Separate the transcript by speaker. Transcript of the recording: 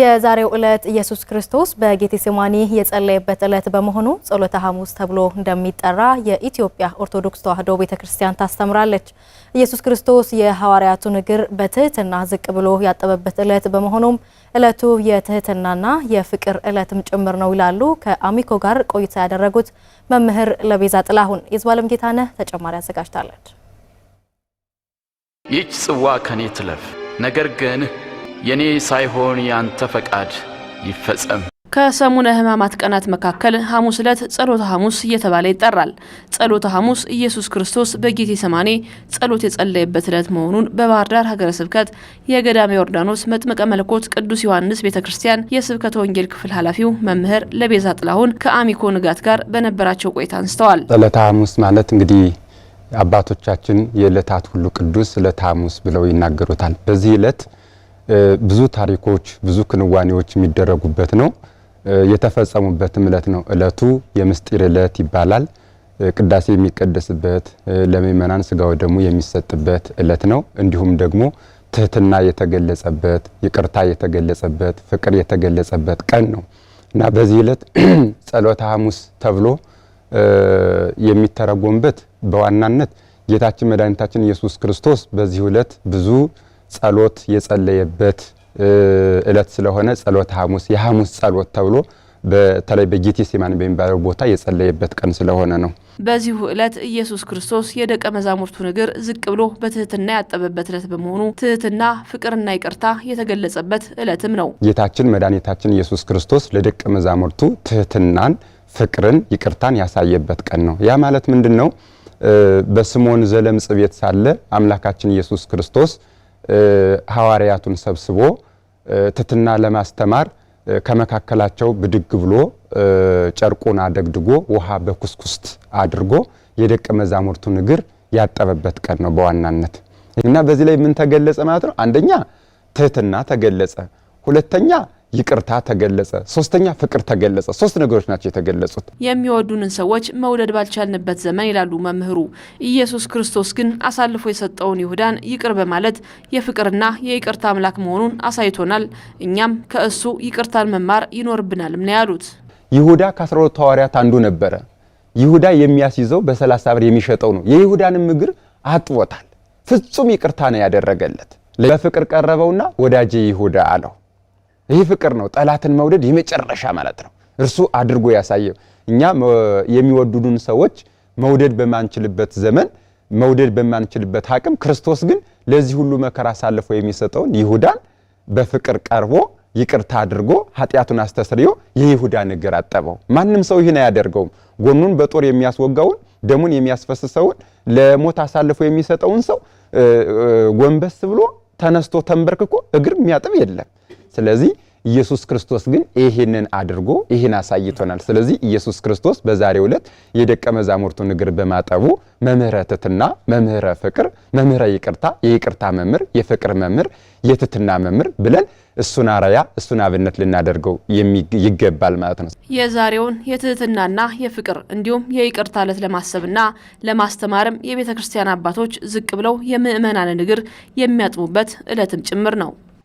Speaker 1: የዛሬው ዕለት ኢየሱስ ክርስቶስ በጌቴሴማኒ የጸለየበት ዕለት በመሆኑ ጸሎተ ሐሙስ ተብሎ እንደሚጠራ የኢትዮጵያ ኦርቶዶክስ ተዋሕዶ ቤተ ክርስቲያን ታስተምራለች። ኢየሱስ ክርስቶስ የሐዋርያቱን እግር በትህትና ዝቅ ብሎ ያጠበበት ዕለት በመሆኑም ዕለቱ የትህትናና የፍቅር ዕለትም ጭምር ነው ይላሉ ከአሚኮ ጋር ቆይታ ያደረጉት መምህር ለቤዛ ጥላሁን። የዝባለም ጌታነህ ተጨማሪ አዘጋጅታለች።
Speaker 2: ይህች ጽዋ ከኔ ትለፍ፣ ነገር ግን የኔ ሳይሆን ያንተ ፈቃድ ይፈጸም።
Speaker 1: ከሰሙነ ሕማማት ቀናት መካከል ሐሙስ ዕለት ጸሎተ ሐሙስ እየተባለ ይጠራል። ጸሎተ ሐሙስ ኢየሱስ ክርስቶስ በጌቴ ሰማኔ ጸሎት የጸለየበት ዕለት መሆኑን በባህር ዳር ሀገረ ስብከት የገዳመ ዮርዳኖስ መጥምቀ መለኮት ቅዱስ ዮሐንስ ቤተ ክርስቲያን የስብከተ ወንጌል ክፍል ኃላፊው መምህር ለቤዛ ጥላሁን ከአሚኮ ንጋት ጋር በነበራቸው ቆይታ አንስተዋል።
Speaker 3: ጸሎተ ሐሙስ ማለት እንግዲህ አባቶቻችን የዕለታት ሁሉ ቅዱስ ዕለተ ሐሙስ ብለው ይናገሩታል። በዚህ ዕለት ብዙ ታሪኮች ብዙ ክንዋኔዎች የሚደረጉበት ነው። የተፈጸሙበትም እለት ነው። እለቱ የምስጢር እለት ይባላል። ቅዳሴ የሚቀደስበት ለምእመናን ስጋው ደግሞ የሚሰጥበት እለት ነው። እንዲሁም ደግሞ ትህትና የተገለጸበት፣ ይቅርታ የተገለጸበት፣ ፍቅር የተገለጸበት ቀን ነው እና በዚህ እለት ጸሎተ ሐሙስ ተብሎ የሚተረጎምበት በዋናነት ጌታችን መድኃኒታችን ኢየሱስ ክርስቶስ በዚህ እለት ብዙ ጸሎት የጸለየበት እለት ስለሆነ ጸሎት ሐሙስ የሐሙስ ጸሎት ተብሎ በተለይ በጌቴሴማኒ በሚባለው ቦታ የጸለየበት ቀን ስለሆነ ነው።
Speaker 1: በዚሁ ዕለት ኢየሱስ ክርስቶስ የደቀ መዛሙርቱን እግር ዝቅ ብሎ በትህትና ያጠበበት ዕለት በመሆኑ ትህትና፣ ፍቅርና ይቅርታ የተገለጸበት ዕለትም ነው።
Speaker 3: ጌታችን መድኃኒታችን ኢየሱስ ክርስቶስ ለደቀ መዛሙርቱ ትህትናን፣ ፍቅርን፣ ይቅርታን ያሳየበት ቀን ነው። ያ ማለት ምንድን ነው? በስምዖን ዘለምጽ ቤት ሳለ አምላካችን ኢየሱስ ክርስቶስ ሐዋርያቱን ሰብስቦ ትትና ለማስተማር ከመካከላቸው ብድግ ብሎ ጨርቁን አደግድጎ ውሃ በኩስኩስት አድርጎ የደቀ መዛሙርቱን እግር ያጠበበት ቀን ነው በዋናነት እና በዚህ ላይ ምን ተገለጸ ማለት ነው? አንደኛ ትህትና ተገለጸ። ሁለተኛ ይቅርታ ተገለጸ። ሶስተኛ ፍቅር ተገለጸ። ሶስት ነገሮች ናቸው የተገለጹት።
Speaker 1: የሚወዱንን ሰዎች መውደድ ባልቻልንበት ዘመን ይላሉ መምህሩ። ኢየሱስ ክርስቶስ ግን አሳልፎ የሰጠውን ይሁዳን ይቅር በማለት የፍቅርና የይቅርታ አምላክ መሆኑን አሳይቶናል። እኛም ከእሱ ይቅርታን መማር ይኖርብናልም ነው ያሉት።
Speaker 3: ይሁዳ ከአስራ ሁለቱ ሐዋርያት አንዱ ነበረ። ይሁዳ የሚያስይዘው በሰላሳ ብር የሚሸጠው ነው። የይሁዳንም እግር አጥቦታል። ፍጹም ይቅርታ ነው ያደረገለት። በፍቅር ቀረበውና ወዳጄ ይሁዳ አለው። ይህ ፍቅር ነው። ጠላትን መውደድ የመጨረሻ ማለት ነው። እርሱ አድርጎ ያሳየው እኛ የሚወዱዱን ሰዎች መውደድ በማንችልበት ዘመን መውደድ በማንችልበት አቅም ክርስቶስ ግን ለዚህ ሁሉ መከራ አሳልፎ የሚሰጠውን ይሁዳን በፍቅር ቀርቦ ይቅርታ አድርጎ ኃጢአቱን አስተስርዮ የይሁዳን እግር አጠበው። ማንም ሰው ይህን አያደርገውም። ጎኑን በጦር የሚያስወጋውን ደሙን የሚያስፈስሰውን ለሞት አሳልፎ የሚሰጠውን ሰው ጎንበስ ብሎ ተነስቶ ተንበርክኮ እግር የሚያጥብ የለም። ስለዚህ ኢየሱስ ክርስቶስ ግን ይህንን አድርጎ ይህን አሳይቶናል። ስለዚህ ኢየሱስ ክርስቶስ በዛሬው ዕለት የደቀ መዛሙርቱን እግር በማጠቡ መምህረ ትትና፣ መምህረ ፍቅር፣ መምህረ ይቅርታ፣ የይቅርታ መምህር፣ የፍቅር መምህር፣ የትትና መምህር ብለን እሱን አርአያ እሱን አብነት ልናደርገው ይገባል ማለት ነው።
Speaker 1: የዛሬውን የትህትናና የፍቅር እንዲሁም የይቅርታ ዕለት ለማሰብና ለማስተማርም የቤተ ክርስቲያን አባቶች ዝቅ ብለው የምእመናንን እግር የሚያጥቡበት ዕለትም ጭምር ነው።